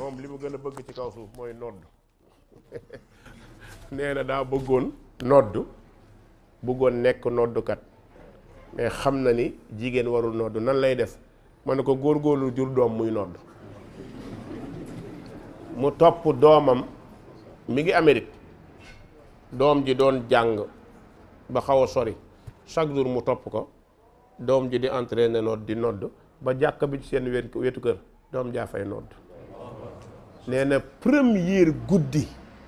moom li mu gën a bëgg ci kaw suuf mooy nodd nee na daa bëggoon nodd bëggoon nekk noddukat mais xam na ni jigéen warul nodd nan lay def ma ne ko góor góorlu jur doom muy nodd mu topp doomam mi ngi Amérique doom ji doon jàng ba xaw a sori chaque jour mu topp ko doom ji di entraîné nodd di nodd ba jàkk bi ci seen wetu kër doom jaa fay nodd nee na première guddi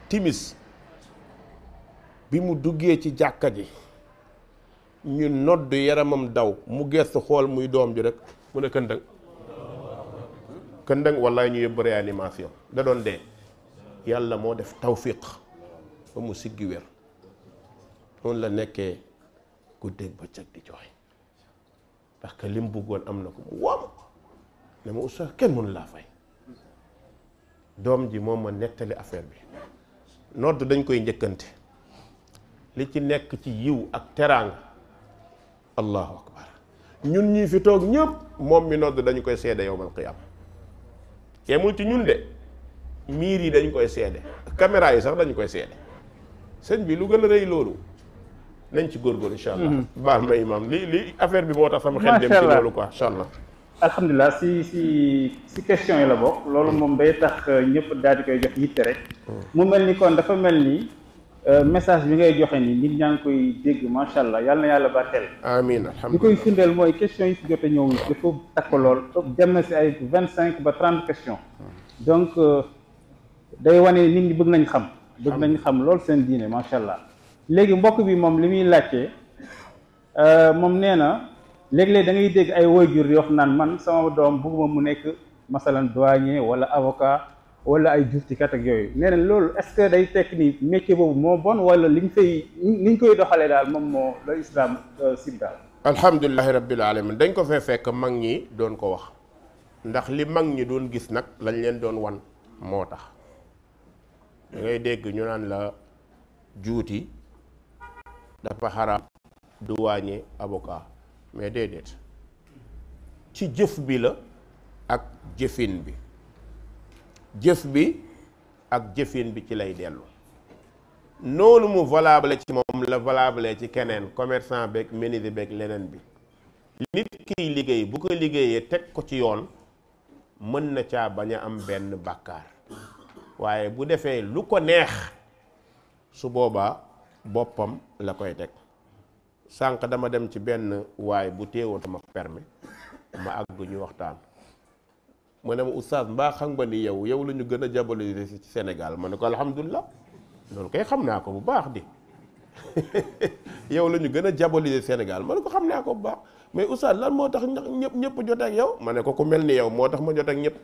timis bi mu duggee ci jàkka ji ñu nodd yaramam daw mu gestu xool muy doom ji rek mu ne këndëng këndëng wallaay ñu yóbbu réanimation da doon dee yàlla moo def tawfiq ba mu siggi wér noonu la nekkee guddeeg bëccëg di jooy parce que lim bëggoon am na ko mu woom ne ma oustaz kenn mënu laa fay doom ji moom ma nettali affaire bi nodd dañ koy njëkkante li ci nekk ci yiw ak teraanga allahu akbar ñun ñii fi toog ñëpp moom mi nodd dañu koy seede yowmal qiyaam yemul ci ñun de miir yi dañ koy seede caméra yi sax dañu koy seede sëñ bi lu gën a rëy loolu nañ ci góorgóorlu incha allah mm-hmm. baal ma imam li li affaire bi moo tax sama xel dem ci loolu quoi incha allah alhamdulilah si si si question yi la bokk loolu moom day tax euh, ñëpp daal di koy jox yitte rek hmm. mu mel ni kon dafa mel ni euh, message bi ngay joxe ni nit ñaa koy dégg macha allah yal na yàlla barkeel amiin alhamdulilah li koy firndeel mooy question yi fi jot a ñëw dafa takk lool dem na si ay vingt cinq ba trent questions hmm. donc euh, day wane nit ñi bëgg nañ xam bëgg nañ xam lool seen diine macha allah léegi mbokk bi moom li muy laajte moom nee na léeg-léeg dangay dégg ay waajur yoo xam naan man sama doom bugguma mu nekk masalan douanier wala avocat wala ay juftikat ak yooyu nee na loolu est day tekk ni métier boobu moo bon wala liñ fay niñ koy doxalee daal moom moo la islam euh, sib daal rabbil alamin dañ ko fee fekk mag ñi doon ko wax ndax li mag ñi doon gis nag lañ leen doon wan moo tax da dégg ñu naan la juuti dafa xaraam douanier avocat mais déedéet ci jëf bi la ak jëfin bi jëf bi ak jëfin bi ci lay dellu noonu mu valable ci moom la valable ci keneen commerçant beeg menuisier beeg leneen bi nit kiy liggéey bu ko liggéeyee teg ko ci yoon mën na caa bañ a am benn bàkkaar waaye bu defee lu ko neex su boobaa boppam la koy teg sànq dama dem ci benn waaye bu téewoon sama permis ma àgg ñu waxtaan mu ne ma oustaz mbaa xam nga ni yow yow la ñu gën a jaboliser ci Sénégal ma ne ko alhamdulilah loolu kay xam naa ko bu baax di yow la ñu gën a jaboliser Sénégal ma ne ko xam naa ko bu baax mais oustaz lan moo tax ñëpp ñëpp jot ak yow ma ne ko ku mel ni yow moo tax ma jot ak ñëpp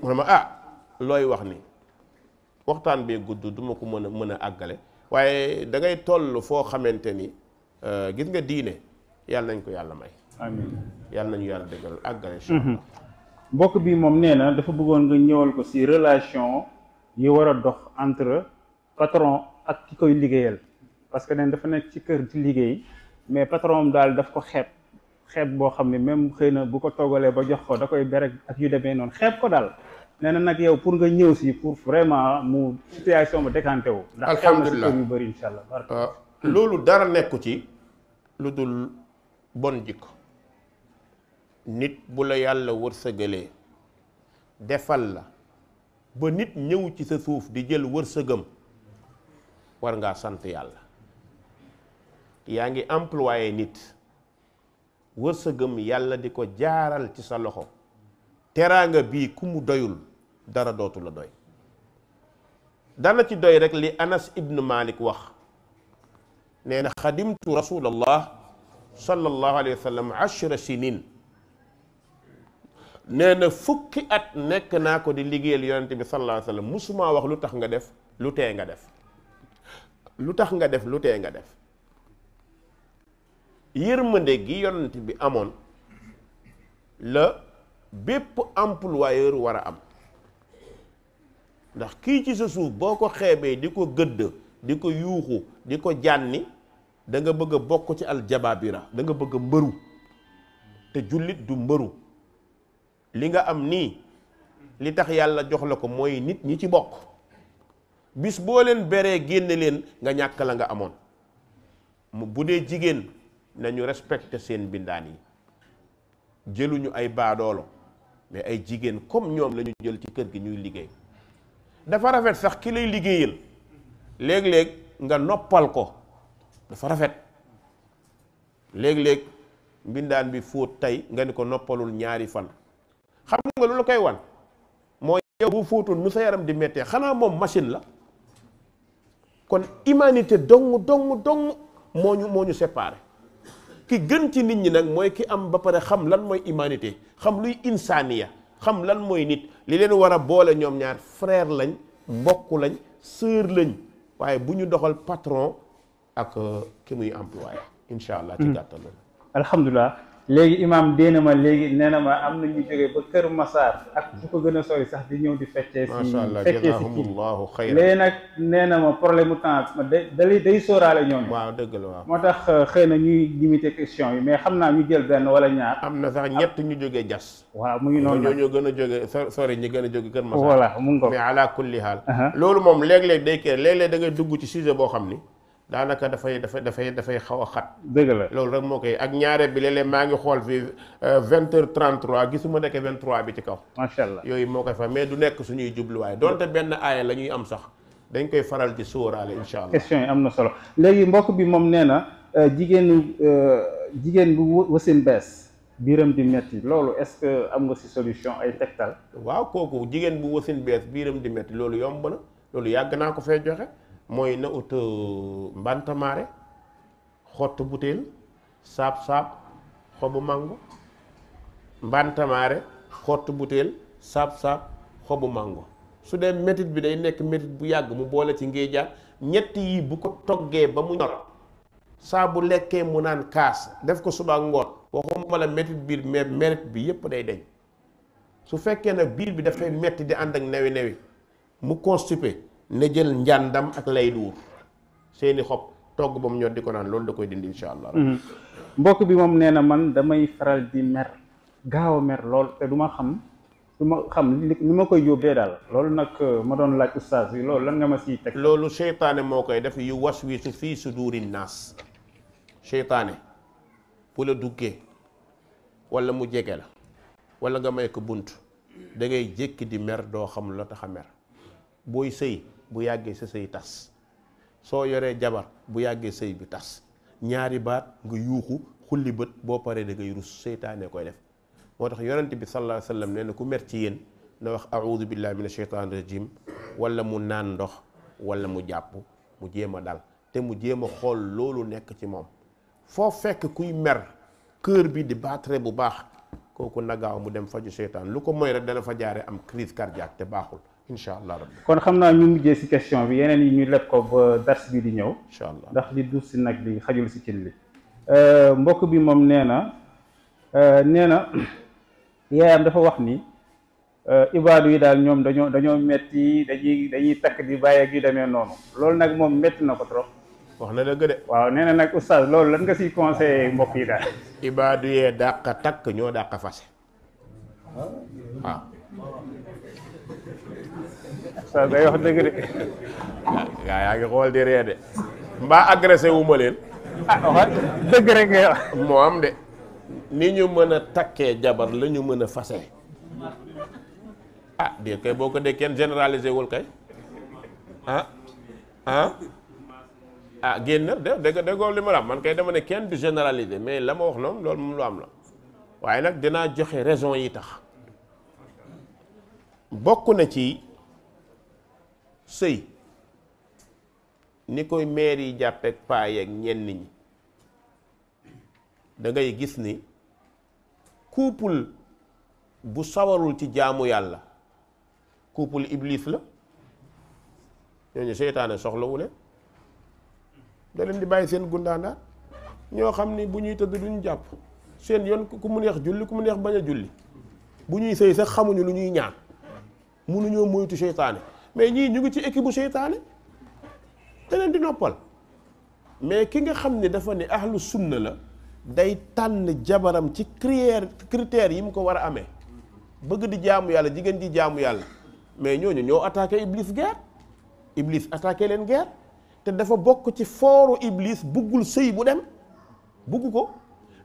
mu ne ma ah looy wax ni waxtaan bee gudd duma ko mën a mën a àggale waaye da ngay toll foo xamante ni euh, gis nga diine yàlla nañ ko yàlla may. amiin yàlla nañu yàlla dëggal ak incha allah mbokk bi moom nee na dafa bëggoon nga ñëwal ko si relation yi war a dox entre patron ak ki koy liggéeyal parce que neen dafa nekk ci kër di liggéey mais patron am daal daf ko xeeb. xeeb boo xam ne même xëy na bu ko toggalee ba jox ko da koy berek ak yu demee noonu xeeb ko daal nee nag yow pour nga ñëw si pour vraiment mu situation ba décanté wu. ndax xew na si kër yu bëri incha allah. Ah, loolu dara nekku ci lu dul bon jikko nit bu la yàlla wërsëgalee defal la ba nit ñëw ci sa suuf di jël wër wërsëgam war ngaa sant yàlla yaa ngi employé nit wër wërsëgam yàlla di ko jaaral ci sa loxo teraanga bii ku mu doyul dara dootu la doy dana ci doy rek li anas ibn malik wax nee na xadimtu rasulallah sallallahu alayhi wa sallam ashra sinin nee na fukki at nekk naa ko di liggéeyal yonente bi sallallahu alayhi wa sallam musumaa wax lu tax nga def lu tee nga def lu tax nga def lu tee nga def yërmande gi yonent bi amoon la bépp employeur war a am ndax kii ci sa suuf boo ko xeebee di ko gëdd di ko yuuxu di ko jànni da nga bëgg a bokk ci aljabaabira da nga bëgg a mbëru te jullit du mbëru li nga am nii li tax yàlla jox la ko mooy nit ñi ci bokk bis boo leen beree génne leen nga ñàkk la nga amoon mu bu dee jigéen nañu respecte seen bindaan yi jëluñu ay baadoolo mais ay jigéen comme ñoom lañu jël ci kër gi ñuy liggéey dafa rafet sax ki lay liggéeyal léeg-léeg nga noppal ko dafa rafet léeg-léeg mbindaan bi fóot tey nga ni ko noppalul ñaari fan xam nga lu la koy wan moo yow bu fóotoon nu sa yaram di méttee xanaa moom machine la kon humanité dong dong dong moo ñu moo ñu séparé ki gën ci nit ñi nag mooy ki am ba pare xam lan mooy humanité xam luy insaaniya xam lan mooy nit li leen war a boole ñoom ñaar frère lañ mbokk lañ sœur lañ waaye bu ñu doxal patron ak euh, ki muy employé incha allah ci hmm. gàttal alhamdulilah léegi imaam déena ma léegi nee na ma am na ñu jógee ba Kër Massar ak bu ko gën a sori sax di ñëw di feccee si feccee si kii léegi nag nee na ma problème mu temps da day sóoraale ñoom waaw dëgg la waaw moo tax euh, xëy na ñuy limité question yi mais xam naa ñu jël benn wala ñaar am na sax ñett ñu jógee jas waaw mu ngi noonu ñoo ñoo gën a jóge sori ñi gën a jóge Kër Massar voilà mu ngi ko mais ala kulli haal uh-huh. loolu moom léeg-léeg day kii léeg-léeg da ngay dugg ci sujet boo xam ni daanaka dafay dafay dafay dafay xaw a xat. dëgg la loolu rek moo koy ak ñaare bi léeg-léeg maa ngi xool fii euh, vingt heures trente trois gisuma nekk vingt trois bi ci kaw. macha allah yooyu moo koy fa mais du nekk suñuy jubluwaay donte benn aaya la ñuy am sax dañ koy faral di sóoraale incha allah. question yi am na solo léegi mbokk bi moom nee na euh, jigéenu euh, jigéen bu wasin bees biiram di metti loolu est-ce que am nga si solution ay tegtal. waaw kooku jigéen bu wasin bees biiram di metti loolu yomb na loolu yàgg naa ko fee joxe. mooy na ut euh, mbantamaare xottu butéel saab-saab xobu màngo mbantamaare xottu butéel saab-saab xobu mango su dee métit bi day nekk métit bu yàgg mu boole ci ngéejaat ñett yi bu ko toggee ba mu ñor saa bu lekkee mu naan kaas def ko suba ngoon waxuma la métit biir mais mérit bi yépp day deñ su fekkee nag biir bi dafay metti di ànd ak newi newi mu constipé na jël njàndam ak lay duur seeni xob togg ba mu ñor di ko naan loolu da koy dindi incha allah. Mm-hmm. mbokk bi moom nee na man damay faral di mer gaaw a mer lool te du ma xam du ma xam li ma koy yóbbee daal loolu nag euh, ma doon laaj ustaas yi loolu lan nga ma siy loolu seytaane moo koy def yu waswisu fii suduri naas seytaane bu la duggee wala mu jege la wala nga may ko bunt dangay ngay jékki di mer doo xam la tax mer booy sëy bu yàggee sa sëy tas soo yoree jabar bu yàggee sëy bi tas ñaari baat nga yuuxu xulli bët boo paree da ngay rus seytaane koy def moo tax yorant bi sallallahu alayhi wa sallam nee ku mer ci yéen wax audu billahi min asheytan rajim wala mu naan ndox wala mu jàpp mu jéem a dal te mu jéem a xool loolu nekk ci moom foo fekk kuy mer kër bi di battre bu baax kooku nagaaw mu dem faju seytaan lu ko moy rek dana fa jaare am crise cardiaque te baaxul incha allah rabbi kon xam naa ñu mujjee si question bi yeneen yi ñu leb ko ba dars bi di ñëw incha allah ndax li duuf si nag li xajul si cin li euh, mbokk bi moom nee na euh, nee na yaayam dafa wax ni euh, ibaadu yi daal ñoom dañoo dañoo metti dañuy dañuy takk di bàyyi ak yu demee noonu loolu nag moom metti na ko trop wax na dëgg de waaw nee na nag oustaz loolu lan nga siy conseillé mbokk yi daal ibaadu yee dàq takk ñoo dàq fase waaw sa day wax dëgg de gaa yaa ngi xool di ree de mbaa agressé leen ah wax dëgg rek moo am de ni ñu mën a takkee jabar la ñu mën a fase ah dée kay boo ko dee kenn généralise wul kay ah ah ah génn de dégg déggoo li ma man kay dama ne kenn du généraliser mais la ma wax noonu loolu moom lu am la waaye nag dinaa joxe raison yi tax bokk na ci sëy ni koy maire yi jàppeek paa yeeg ñenn ñi dangay gis ni couple bu sawarul ci jaamu yàlla couple iblis la ñooñu seytaane soxlawu leen da leen di bàyyi seen gundaandaat ñoo xam ni bu ñuy tëdd duñu jàpp seen yoon ku mu neex julli ku mu neex bañ a julli bu ñuy sëy sax xamuñu lu ñuy ñaan mënuñoo moytu seytaane mais ñii ñu ngi ci équipe bu seytaane te leen di noppal mais ki nga xam ne dafa ne ahlu sunna la day tànn jabaram ci critère critères yi mu ko war a amee bëgg di jaamu yàlla jigéen di jaamu yàlla mais ñoo ñooñu ñoo attaqué Iblis guerre Iblis attaqué leen guerre te dafa bokk ci fooru Iblis buggul sëy bu dem bugg ko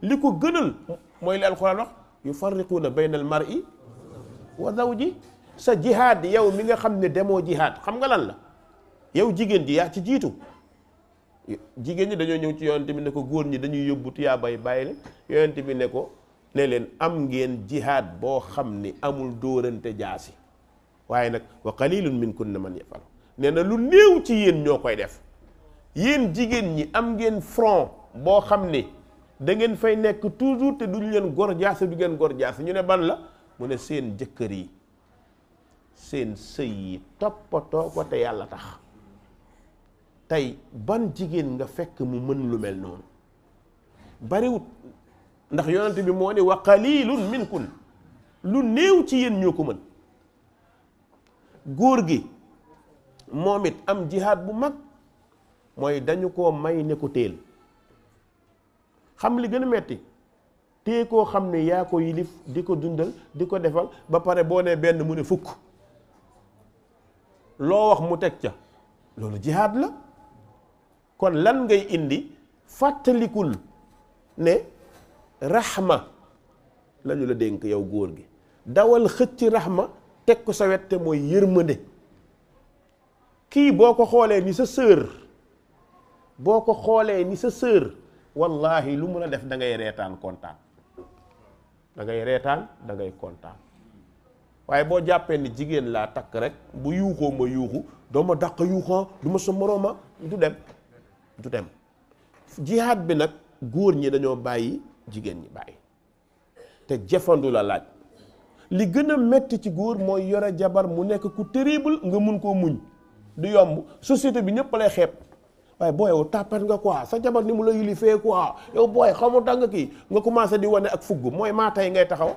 li ko gënal mooy li alxuraan wax yufarriquuna bayna al mar'i wa ji sa jihaad yow mi nga xam ne demoo jihaad xam nga lan la yow jigéen ji yaa ci jiitu jigéen ñi dañoo ñëw ci yonent bi ne ko góor ñi dañuy yóbbu yaa bàyyi leen yonent bi ne ko ne leen am ngeen jihaad boo xam ni amul dóorante jaasi waaye nag wa qalilun na man yafal nee na lu néew ci yéen ñoo koy def yéen jigéen ñi am ngeen front boo xam ni da ngeen fay nekk toujours te duñu leen gor jaasi du ngeen gor jaasi ñu ne ban la mu ne seen jëkkër yi seen sëy yi toppatoo ko te yàlla tax tey ban jigéen nga fekk mu mën lu mel noonu bariwut ndax yonent bi moo ne wa qalilun minkum lu néew ci yéen ñoo ko mën góor gi moom it am jihaad bu mag mooy dañu ko may ne ko téel xam li gën a metti tée koo xam ne yaa ko yilif di ko dundal di ko defal ba pare boo ne benn mu ne fukk loo wax mu teg ca loolu jihaad la kon lan ngay indi fàttalikul ne raxma lañu la dénk yow góor gi dawal xëcc raxma teg ko sa wet te mooy yërmande kii boo ko xoolee ni sa sœur boo ko xoolee ni sa sœur wallaahi lu mun a def da ngay reetaan kontaan da ngay reetaan dangay kontaan waaye boo jàppee ni jigéen laa takk rek bu yuuxoo ma yuuxu doo ma dàq yuuxoo du ma sa morooma du dem du dem jiyaat bi nag góor ñi dañoo bàyyi jigéen ñi bàyyi te jëfandu la laaj li gën a metti ci góor mooy yore jabar mu nekk ku terrible nga mun koo muñ di yomb société bi ñëpp lay xeeb waaye booy yow tàppat nga quoi sa jabar ni mu la yilifee quoi yow booy ma danga kii nga commencé di wane ak fugg mooy maa tey ngay taxaw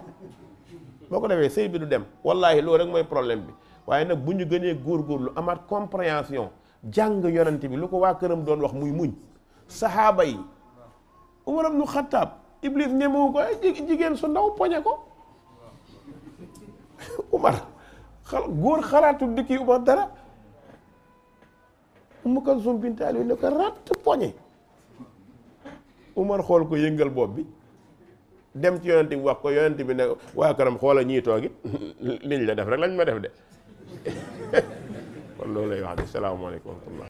boo ko defee sëy bi du dem wallaahi loolu rek mooy problème bi waaye nag bu ñu gënee góorgóorlu amaat compréhension jàng yonante bi lu ko waa këram doon wax muy muñ saxaaba yi Umar ibnu Xattaab Iblis ñemewu ko jigéen su ndaw poñe ko Umar góor xaraatu dikki Umar dara Umu Kalsum ko ratt poñe Umar xool ko yëngal bopp bi dem ci yonent bi wax ko yonent bi ne waa këram xoola ñii toogi liñ la def rek lañ ma def de kon loolu lay wax de salaamaaleykum wa rahmatullah